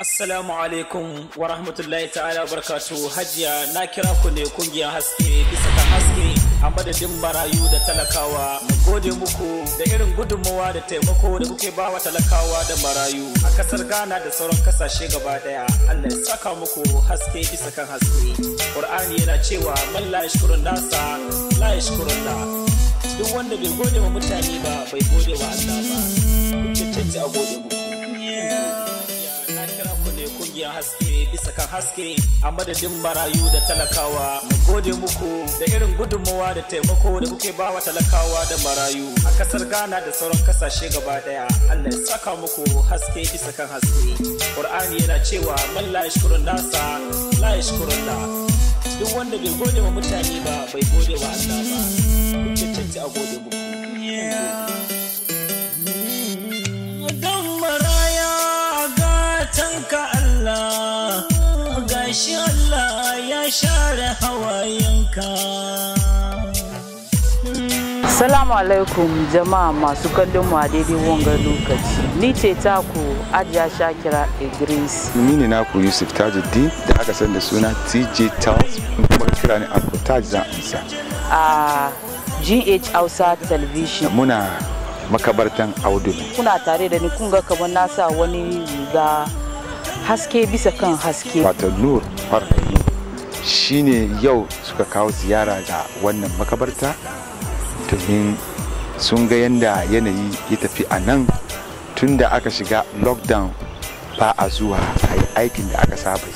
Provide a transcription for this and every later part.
Assalamu alaikum wa rahmatullahi ta'ala barkatu hajiya na kira ku ne kungiyar haske bisa kan haske a madadin marayu da talakawa mu gode muku da irin gudummawa da taimako da kuke ba wa talakawa da marayu a kasar Ghana da sauran kasashe gaba daya Allah ya saka muku haske bisa kan haske Qur'ani yana cewa man la yashkurun nasa la yashkurun da duk wanda bai gode wa mutane ba bai gode wa Allah ba kun cancanci a gode muku ƙungiyar haske bisa kan haske a madadin marayu da talakawa mu gode muku da irin gudummawa da taimako da kuke ba wa talakawa da marayu a kasar ghana da sauran kasashe gaba daya allah ya saka muku haske bisa kan haske qur'ani yana cewa man la yashkurun nasa la yashkurun la duk wanda bai gode wa mutane ba bai gode wa allah ba ku cancanci a gode muku Salamu alaikum jama'a masu kallon mu a daidai wangar lokaci. Ni ce ta ku Ajiya Shakira Idris. Ni ne naku Yusuf Tajuddin da aka san da suna TJ Towns kuma kira ni Uncle Taj zan A GH Hausa Television. Muna makabartan Audu. Kuna tare da ni kun ga kamar na sa wani riga haske bisa kan haske. Wato Nur Farka shine yau suka kawo ziyara ga wannan makabarta domin sun ga yadda yanayi ya tafi a nan tun da aka shiga lockdown ba a zuwa a yi aikin da aka saba yi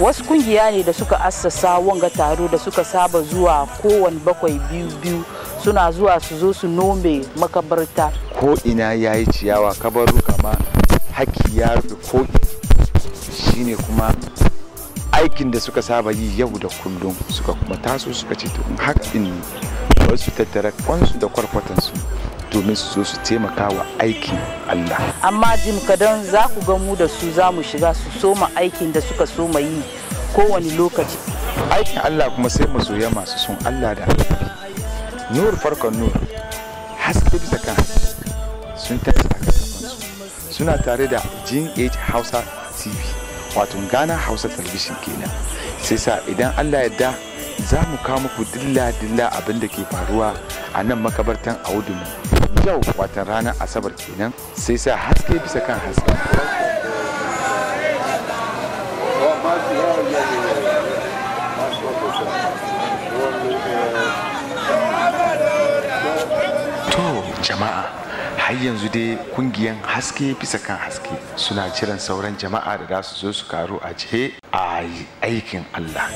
wasu kungiya ne da suka assasa wanga taro da suka saba zuwa kowane bakwai biyu biyu suna zuwa su zo su nome makabarta ko ina ya yi ciyawa kabaru kama haki ya rufe ko shine kuma aikin da suka saba yi yau da kullum suka kuma taso suka ce to haka in wasu tattara kwansu da kwarkwatansu domin su zo su taimaka wa aikin Allah. Amma jim kadan za ku ga mu da su za mu shiga su soma aikin da suka soma yi kowane lokaci. Aikin Allah kuma sai mu soya masu son Allah da Nur farkon nur haske bisa sun tafi a suna tare da GH Hausa TV. wato Ghana Hausa Television kenan sai sa idan Allah yarda za mu kawo muku dilla dilla abin da ke faruwa a nan makabartan Audumu yau watan ranar Asabar kenan sai sa haske bisa kan haske jama'a har yanzu dai kungiyan haske bisa kan haske suna jiran sauran jama'a da za su zo su karu a jihe a aikin allah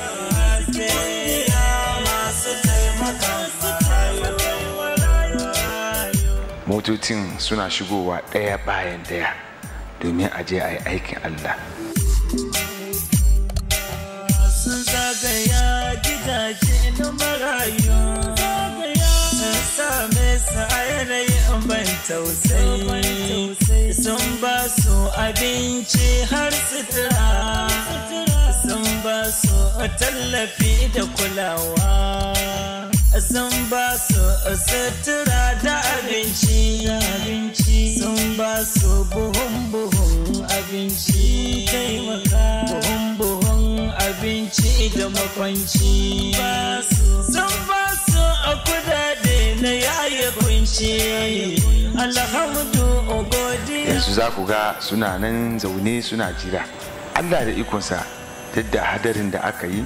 motocin suna shigowa ɗaya bayan ɗaya domin a je a yi aikin allah sun zagaya gidaje na marayu zagaya sun eh, same su a ban tausayi sun ba su abinci har sutura sun ba su tallafi da kulawa sun ba su sutura da abinci sun ba su buhun buhun abinci taimaka buhun buhun abinci da makwanci Oh yanzu za ku ga suna nan zaune suna jira allah da ikonsa duk hadarin da aka yi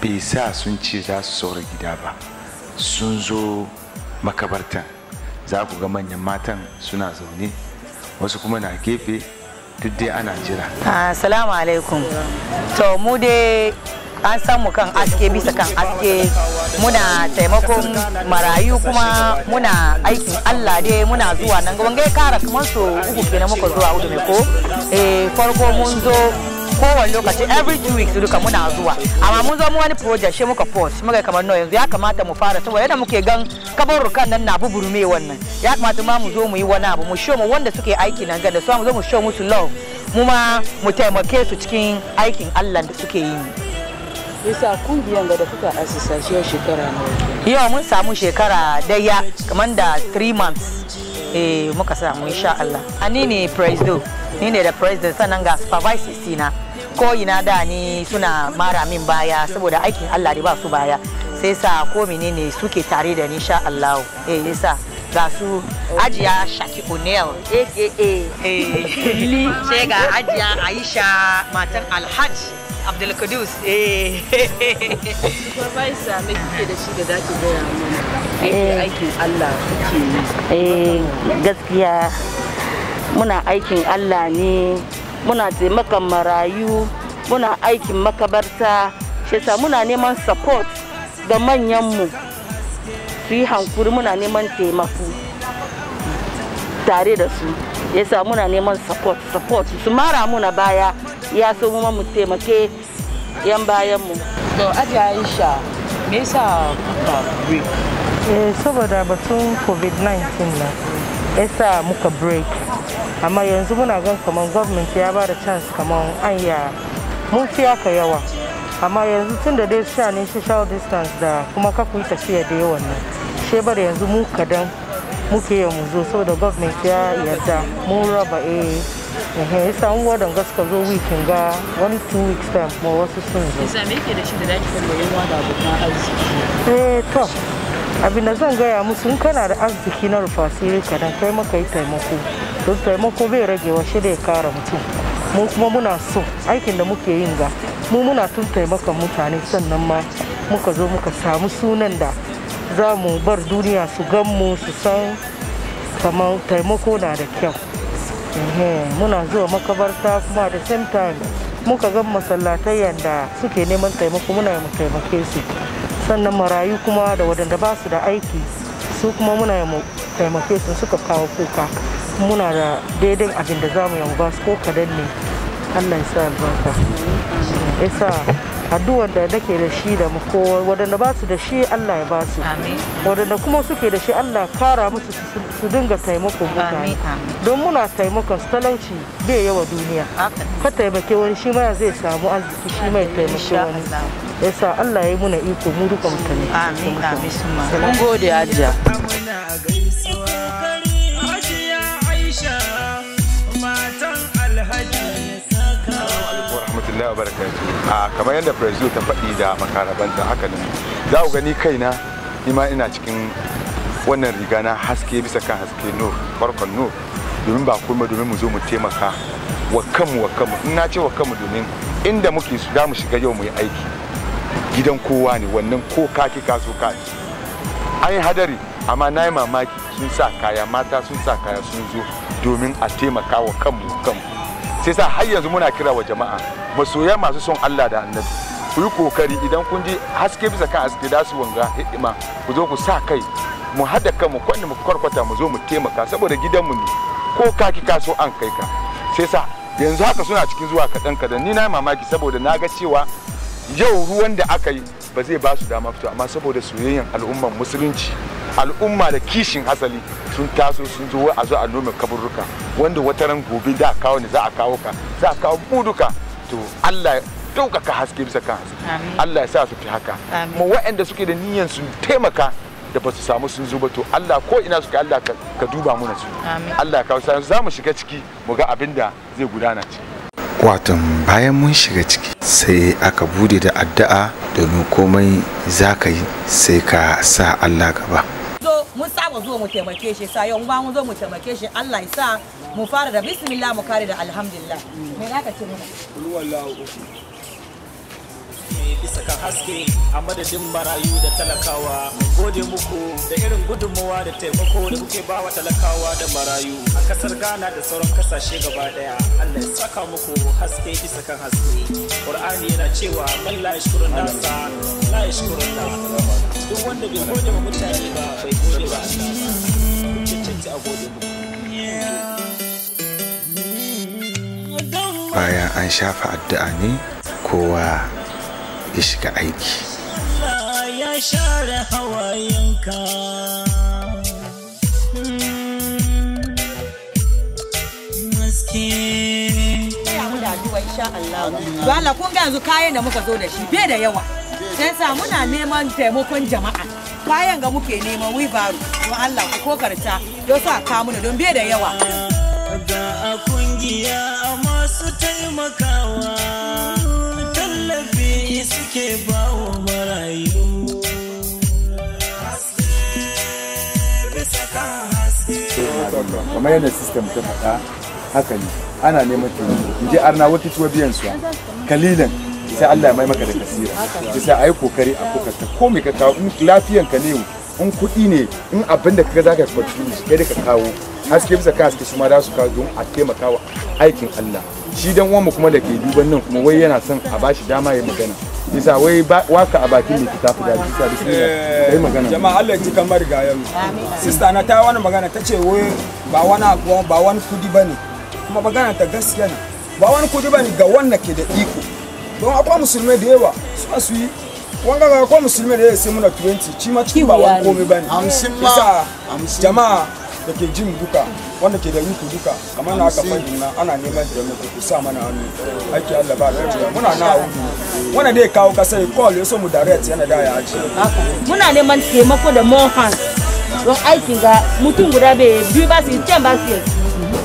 bai sa sun ce za su saura gida ba sun zo makabartan za ku ga manyan matan suna zaune wasu kuma na gefe duk dai ana jira. Assalamu alaikum. To mu dai an san mu kan aske bisa kan aske muna taimakon marayu kuma muna aikin Allah dai muna zuwa nan gaban gai kara kamar su uku kenan muka zuwa udu ko eh farko mun zo kowane lokaci every two weeks duka muna zuwa amma mun zo mu wani project shi muka post muka kamar no yanzu ya kamata mu fara saboda yadda muke gan kabarukan nan na buburume wannan ya kamata ma mu zo mu yi wani abu mu show mu wanda suke aiki nan gada su mu zo mu show musu love mu ma mu taimake su cikin aikin Allah da suke yi Bisa kungiyar da kuka asisa shekara nawa? Yau mun samu shekara daya kamar da 3 months. Eh muka samu insha Allah. Ani ne presido, ni ne da president sannan ga supervisor sina. Ko ina da ni suna mara min baya saboda aikin Allah da ba su baya. Sai sa ko menene suke tare da ni insha Allah. Eh yasa ga su ajiya shaki o'neill aka eh, eh, eh. li ce ga ajiya aisha matan alhaj abdulkudus supervisor me kike da shi da zaki gaya mana aikin allah kike yi eh gaskiya muna aikin allah ne muna taimakan marayu muna aikin makabarta shi muna neman support ga manyanmu su yi hankuri muna neman taimako tare da su sa muna neman support support su mara muna baya ya so mu mu taimake yan bayan mu to aji aisha me yasa kuka break eh saboda batun covid-19 na yasa muka break amma yanzu muna gan kamar gwamnati ya ba da chance kamar anya mun fi aka yawa amma yanzu tun da dai sha ne social distance da kuma kaku yi tafiya da yawan nan shebar yanzu mu kadan muke yi mu zo saboda gwamnati ya yarda mun raba eh ya samu wadon gaska zo weekend ga one two weeks time wasu sun zo isa me ke da shi da zaki kallo yawa da abokan arziki eh to abin da zan gaya musu in kana da arziki na rufa asiri kadan kai maka yi taimako don taimako bai rage wa shi da ya kara mutum mu kuma muna so aikin da muke yin ga mu muna tun taimakon mutane sannan ma muka zo muka samu sunan da za mu bar duniya su gan mu su san kamar taimako na da kyau muna zuwa makabarta kuma da same time muka gan masallatai yadda suke neman taimako muna yi taimake su sannan marayu kuma da wadanda ba su da aiki su kuma muna yi taimake su suka kawo kuka muna da daidai abinda da za mu yi ba su ko kadan ne allah ya sa albarka addu'ar da nake da shi da kowa wadanda ba su da shi Allah ya ba su wadanda kuma suke da shi Allah kara musu su dinga taimakon mutane don muna taimakon talauci bai yawa duniya ka taimake wani shi ma zai samu arziki shi mai taimake wani yasa Allah ya yi muna iko mu duka mutane amin amin mun gode ajiya rahmatullahi wa a kamar yadda brazil ta faɗi da makarabanta haka nan za ku gani kaina ima ina cikin wannan riga na haske bisa kan haske no farkon no domin ba kuma domin mu zo mu taimaka wa kanmu wa kanmu in na ce wa kanmu domin inda muke su za mu shiga yau mu yi aiki gidan kowa ne wannan ko kaki kaso ka an yi hadari amma na yi mamaki sun sa kaya mata sun sa kaya sun zo domin a taimaka wa kanmu kanmu sai sa har yanzu muna kira wa jama'a masoya masu son Allah da annabi ku yi kokari idan kun ji haske bisa kan haske da su wanga hidima ku zo ku sa kai mu hada kanmu kwanne mu kwarkwata mu zo mu taimaka saboda gidanmu ne ko ka ki ka so an kai ka sai sa yanzu haka suna cikin zuwa kaɗan kaɗan ni na mamaki saboda na ga cewa yau ruwan da aka yi ba zai ba su dama fito amma saboda soyayyen al'ummar musulunci al'umma da kishin hasali sun taso sun zo a zo a nome kaburruka wanda wata ran gobe da kawo ne za a kawo ka za a kawo buduka to Allah ya ɗaukaka haske bisa kan haske Allah ya sa su fi haka kuma wa'anda suke da niyyar sun taimaka da ba su samu sun zuba to Allah ko ina suka Allah ka duba muna su Allah kawo sa za mu shiga ciki mu ga abin da zai gudana ciki watan bayan mun shiga ciki sai aka bude da addu'a domin komai za ka yi sai ka sa Allah gaba mun saba zuwa mu taimake shi sa yau ba mun zo mu taimake shi Allah ya sa mu fara da bismillah mu kare da alhamdulillah me zaka ce mana mai bisa kan haske a madadin marayu da talakawa gode muku da irin gudunmawa da taimako da kuke ba wa talakawa da marayu a kasar ghana da sauran kasashe gaba daya allah ya saka muku haske bisa kan haske qur'ani yana cewa man la yashkurun nasa la yashkurun duk wanda bai gode wa mutane ba bai gode ba cancanci a gode muku bayan an shafa addu'a ne kowa ya shiga aiki ya share hawayenka hmm. Allah kun ga yanzu kayan da muka zo da shi bai da yawa. Sai sa muna neman taimakon jama'a. Kayan ga muke neman wibaro. Don Allah ku kokarta don sa ka muna don bai da yawa. Ga a kungiya masu taimakawa. suke ba wa marayu kamar yadda system ta faɗa haka ne ana neman taimako in je arna wata tuwa biyan su kalilan sai Allah ya mai maka da kasira sai a yi kokari a kokarta ko me ka kawo in lafiyan ka ne in kuɗi ne in abin da kaga zaka ka shi kai da ka kawo haske bisa ka haske su ma za su kawo don a taimaka wa aikin Allah shi dan uwan mu kuma da ke duban nan kuma wai yana son a bashi dama ya magana isa wai waka a bakin da ta fi daɗi isa bismillah eh, kai magana jama'a Allah ya ji kamar ga sista na ta wani magana ta ce wai ba wani abuwa ba wani kudi bane kuma magana ta gaskiya ne ba wani kudi bane ga wanda ke da iko don akwai musulmai da yawa suna su yi wanga ga akwai musulmai da yawa sai muna 20 ci ma cikin ba wani komai jama'a da ke jin duka wanda ke da yuku duka kamar na aka fahimta na ana neman taimako ku sa mana hannu aiki Allah ba da jiya muna na hudu wanda dai kawo ka sai call ya so mu direct yana da ya ajiye muna neman taimako da more hands don aikin ga mutum guda bai biyu ba su yi can ba su yi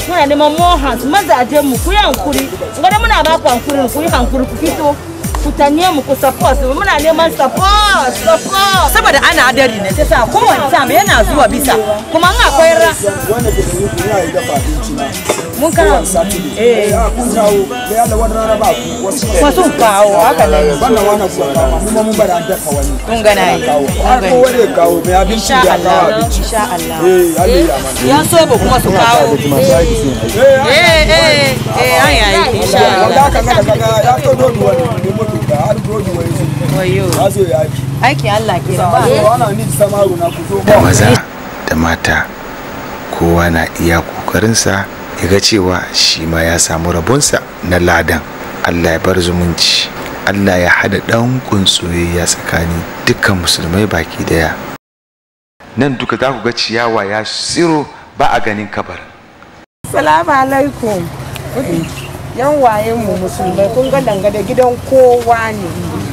muna neman more hands mazajen mu ku yi hankuri gwada muna ba ku hankuri ku yi hankuri ku fito ku mu ku support muna neman support support saboda ana adari ne sai sa kowane time yana zuwa bisa kuma an akwai ra wanda ke yi y'a yi dafa abinci na mun kana eh kun jawo da yalla wannan rana ku wasu wasu kawo haka ne wannan wannan ku kawo kuma mun bada dafa wani kun ko wani kawo mai abinci da kawo insha Allah eh Allah ya so ba kuma su kawo eh eh eh, eh an insha Allah ya to wani da har su ya aiki Allah ke ba ana ku ba maza da mata kowa na iya kokarinsa ya ga cewa shi ma ya samu rabonsa na ladan Allah ya bar zumunci Allah ya hada ɗan soyayya tsakanin dukkan musulmai baki daya nan duka za ku ga ciyawa ya tsiro ba a ganin kabar salamu alaikum yan wayen mu musulmai kun ga dangane gidan kowa ne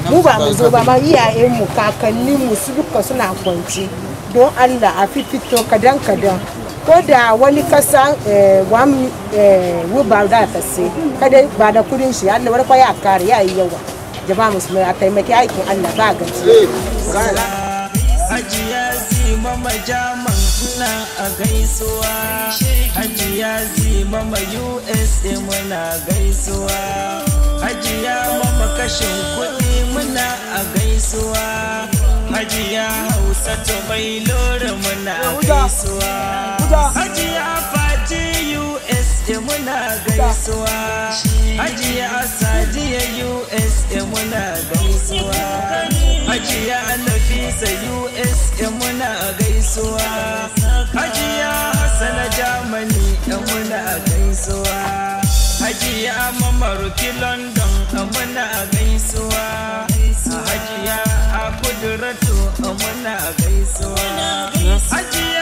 mu ba mu zo ba ma iyayen mu kakannin mu su duka suna kwance don Allah a fifito kadan kadan ko da wani kasa eh, wani eh, wuba da ta sai kada ba da kudin shi Allah wani kwaya kare ya yi yawa jama'a musulmai a taimaki aikin Allah ba gaci. Ajiya zima majama suna a gaisuwa hajiya zima ma USA muna gaisuwa ya mama kashin kuɗi muna a gaisuwa hajiya hausa ta bai muna a gaisuwa fa USA muna gaisuwa Hajiya Asadiya USA muna gaisuwa Hajiya Nafisa USA muna gaisuwa Hajiya Hassana Germany muna gaisuwa Hajiya Mamaruki London muna gaisuwa Hajiya Kuduratu muna gaisuwa Hajiya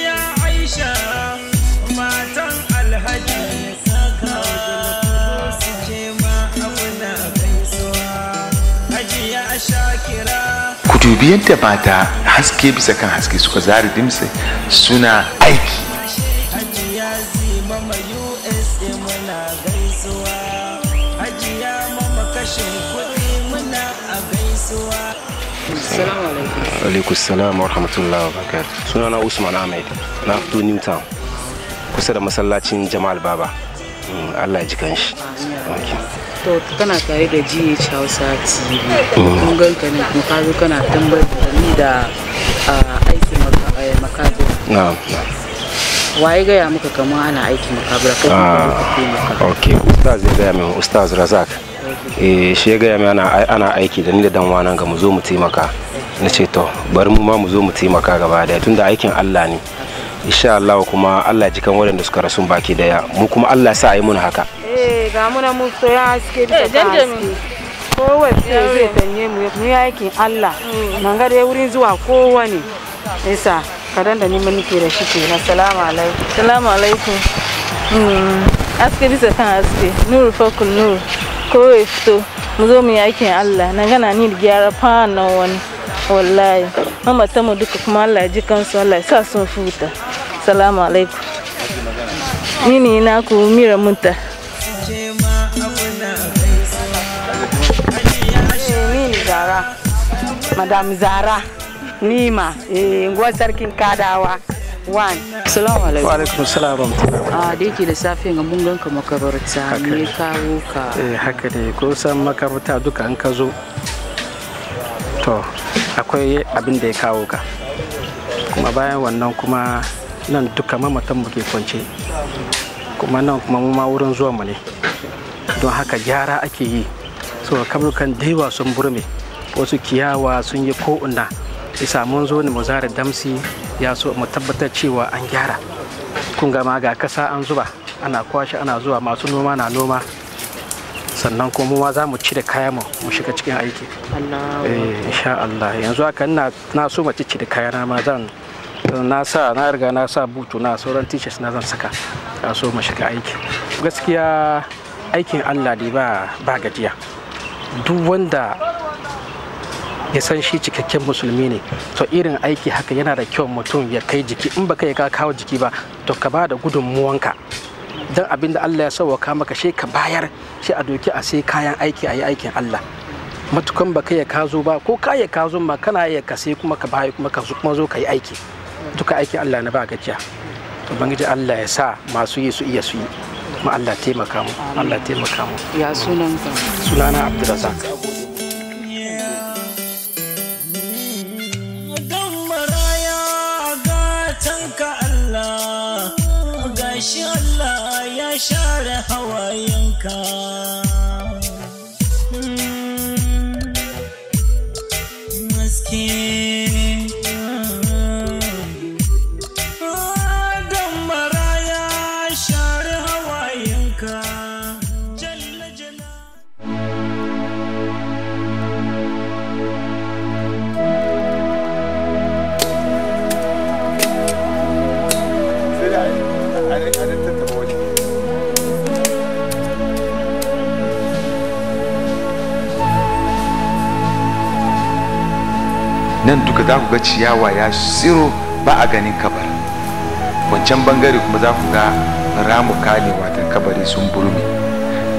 dubi yadda bata, haske bisa kan haske suka zari dimse suna aiki alaikum salam wa rahmatullahi wa Suna na usman ahmed na fito newtown kusa da masallacin jamal baba hmm, allah ya ji to kana tare da gh hausa tv kun ganka ne kuma ka zo kana tambayar ni da aikin eh, makabura waye gaya maka kamar ana aikin makabura kai kuma ah, ka ok ustaz ya gaya min ustaz razak eh shi ya gaya min ana aiki da ni da dan wanan ga mu zo mu taimaka na ce to bari mu ma mu zo mu taimaka gaba daya da aikin Allah ne insha Allah kuma Allah jikan waɗanda suka rasu baki daya mu kuma Allah sa a yi mun haka eh ga muna ya haske bisa eh, ta haske kowace zai tanye mu mu yi aikin Allah nan mm. ga dai wurin zuwa kowane isa kadan da neman ke da shi kenan assalamu alaikum assalamu alaikum haske mm. bisa kan haske nur fakul nur, kowai fito mu zo mu yi aikin Allah na gana ni da gyara fa nan wani wallahi mamatan mu duka kuma Allah ji kansu Allah ya sa sun futa salamu alaikum ni ne naku mira munta madam zara nima unguwar eh, sarkin kadawa one salamu alaikum wa alaikum salam a ah, da da safe ga mun ganka makabarta me kawo ka eh haka ne ko san makabarta duka an ka zo to akwai abin da ya kawo ka kuma bayan wannan kuma nan duka mamatan mu ke kwance kuma nan kuma mu ma wurin zuwa mu ne don haka gyara ake yi so kaburukan dewa yawa sun burme wasu kiyawa sun yi ko'una isa mun zo ne mu zara damsi ya so mu tabbatar cewa an gyara kun gama ga kasa an zuba ana kwashe ana zuwa masu noma na noma sannan kuma ma za mu ci da kaya mu mu shiga cikin aiki eh, insha Allah yanzu haka ina na so mace ci da kaya na ma zan na sa na riga na sa butu na sauran t-shirts na zan saka ka so mu shiga aiki gaskiya aikin Allah ne ba ba gajiya duk wanda ya san shi cikakken musulmi ne to irin aiki haka yana da kyau mutum ya kai jiki in baka ya kawo jiki ba to ka ba da gudunmuwanka don abinda Allah ya sauwaka maka shi ka bayar shi a doki a sai kayan aiki a yi aikin Allah matukan ka ya kazo ba ko ka ya kazo ma kana ya ka sai kuma ka bayi kuma ka zo ka yi aiki duka aikin Allah na ba gajiya ubangiji Allah ya sa masu yi su iya su yi ma Allah taimaka mu ya sunan sunana Abdulrazak shi Allah ya share hawayenka hmm. maske nan duka za ku ga ciyawa ya tsiro ba a ganin kabar wancan bangare kuma za ku ga ramuka ne watan kabari sun burme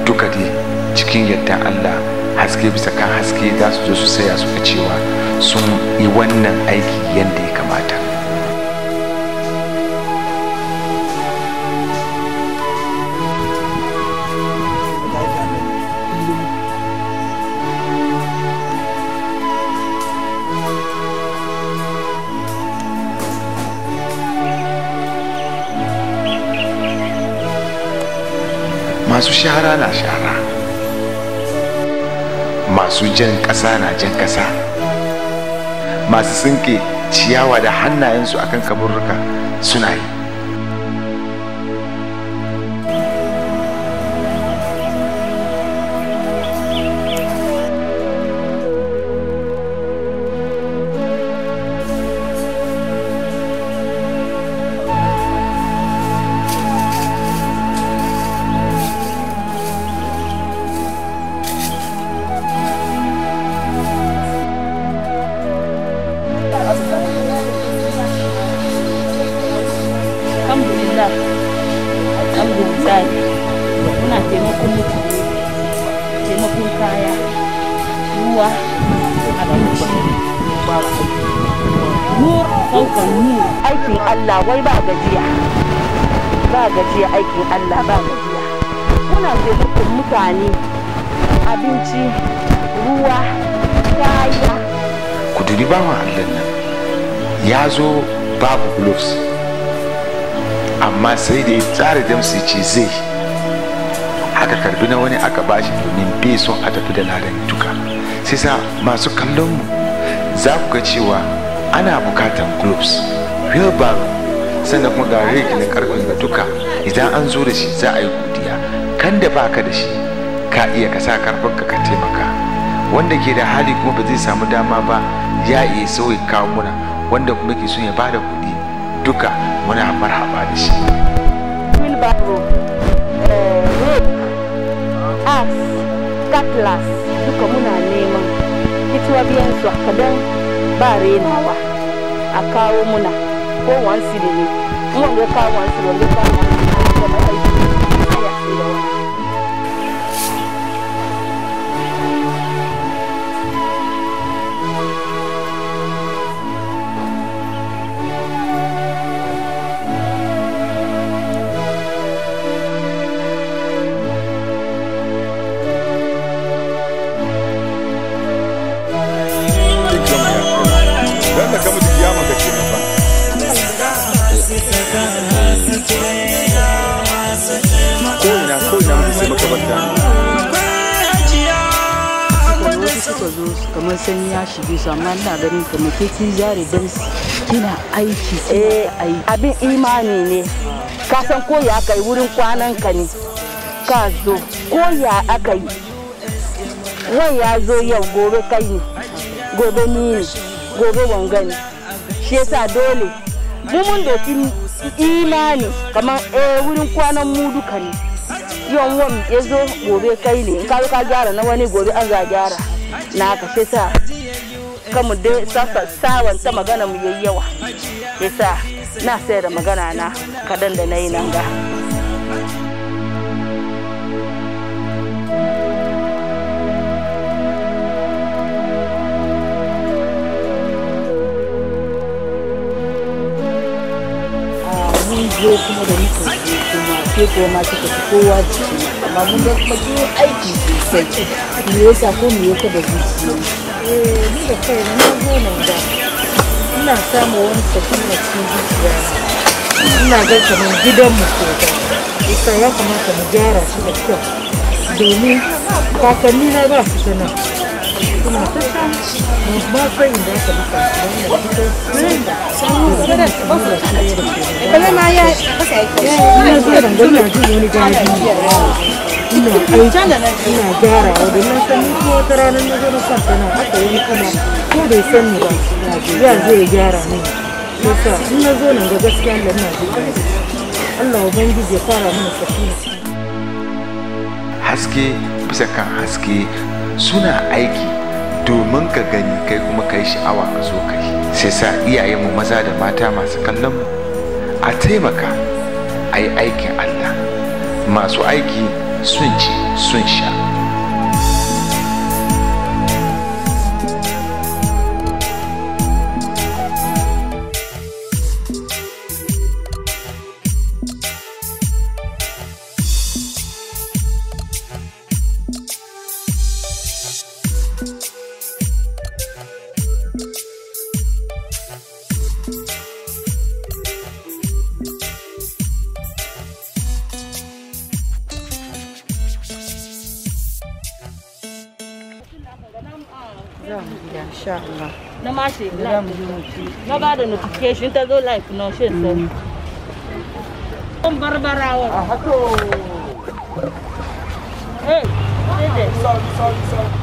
duka dai cikin yadda allah haske bisa kan haske za su zo su saya suka cewa sun yi wannan aiki yadda ya kamata masu shahara na shahara, masu jan ƙasa na jan ƙasa masu tsinke ciyawa da hannayensu akan kaburruka suna yi Allah wai ba gajiya ba gajiya aikin Allah ba gajiya muna taimakon mutane abinci ruwa kaya ku ba bawan Allah nan ya zo babu gloves amma sai da ya tsara su ce zai aka karbi na wani aka bashi domin bai son a tafi da ladan tuka sai sa masu kallon mu za ku ga cewa ana bukatan gloves wheelbarrow sannan kuma ga rake na karfin ga duka idan an zo da shi za a yi godiya kan da baka da shi ka iya ka sa karfin ka taimaka wanda ke da hali kuma ba zai samu dama ba ya iya sauyi kawo muna wanda kuma ke son ya bada kuɗi duka muna marhaba da shi eh, cutlass duka muna neman fitowa biyan su a kadan ba renawa a kawo muna ko wan siri ne kuma ne ka wan siri ne ka wan siri ne ka wan siri ne ka wan siri ne suka zo kamar sanyi ya shige su amma ina ganin ka ke ki jari dan kina aiki eh, aiki abin imani ne ka san ko ya kai wurin kwanan ka ne ka zo ko ya aka yi wai ya zo yau gobe kai ne gobe ni ne gobe wanga ne shi yasa dole mu mun doki imani kamar eh wurin kwanan mu duka ne yawan ya zo gobe kai ne in ka gyara na wani gobe an za gyara na ka shi sa kamu dai sawan ta magana mu yayi yawa yasa na sayar da magana na kadan da na yi nan ga Yau kuma da nufin kuma ke kuma kika kowa ciki amma mun ga kuma kin aiki sosai me yasa ko me yasa da zuciya eh ni da kai na zo nan da ina samu wani tafiya na cikin zuciya ina ga kamar gidan mu ko da isa ya kamata mu gyara shi da kyau domin kakanni na ba su sanar Haske bisa kan haske suna aiki domin ka gani kai kuma ka yi sha'awa ka zo kai sai sa iyayenmu maza da mata masu kallon mu a taimaka a yi aikin allah masu aiki sun ci sun sha za mu je na ba da notification ta zo live na shi sai kun eh sorry sorry sorry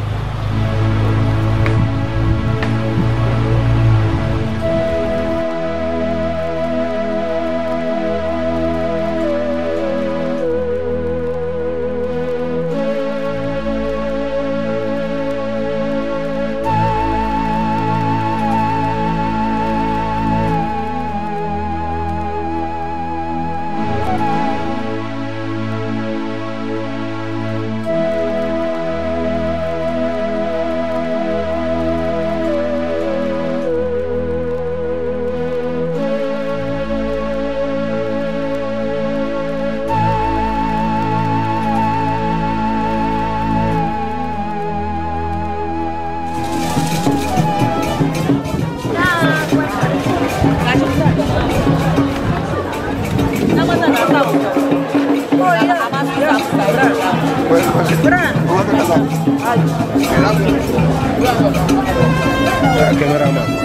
kameraman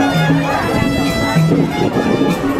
Thank you. Thank you.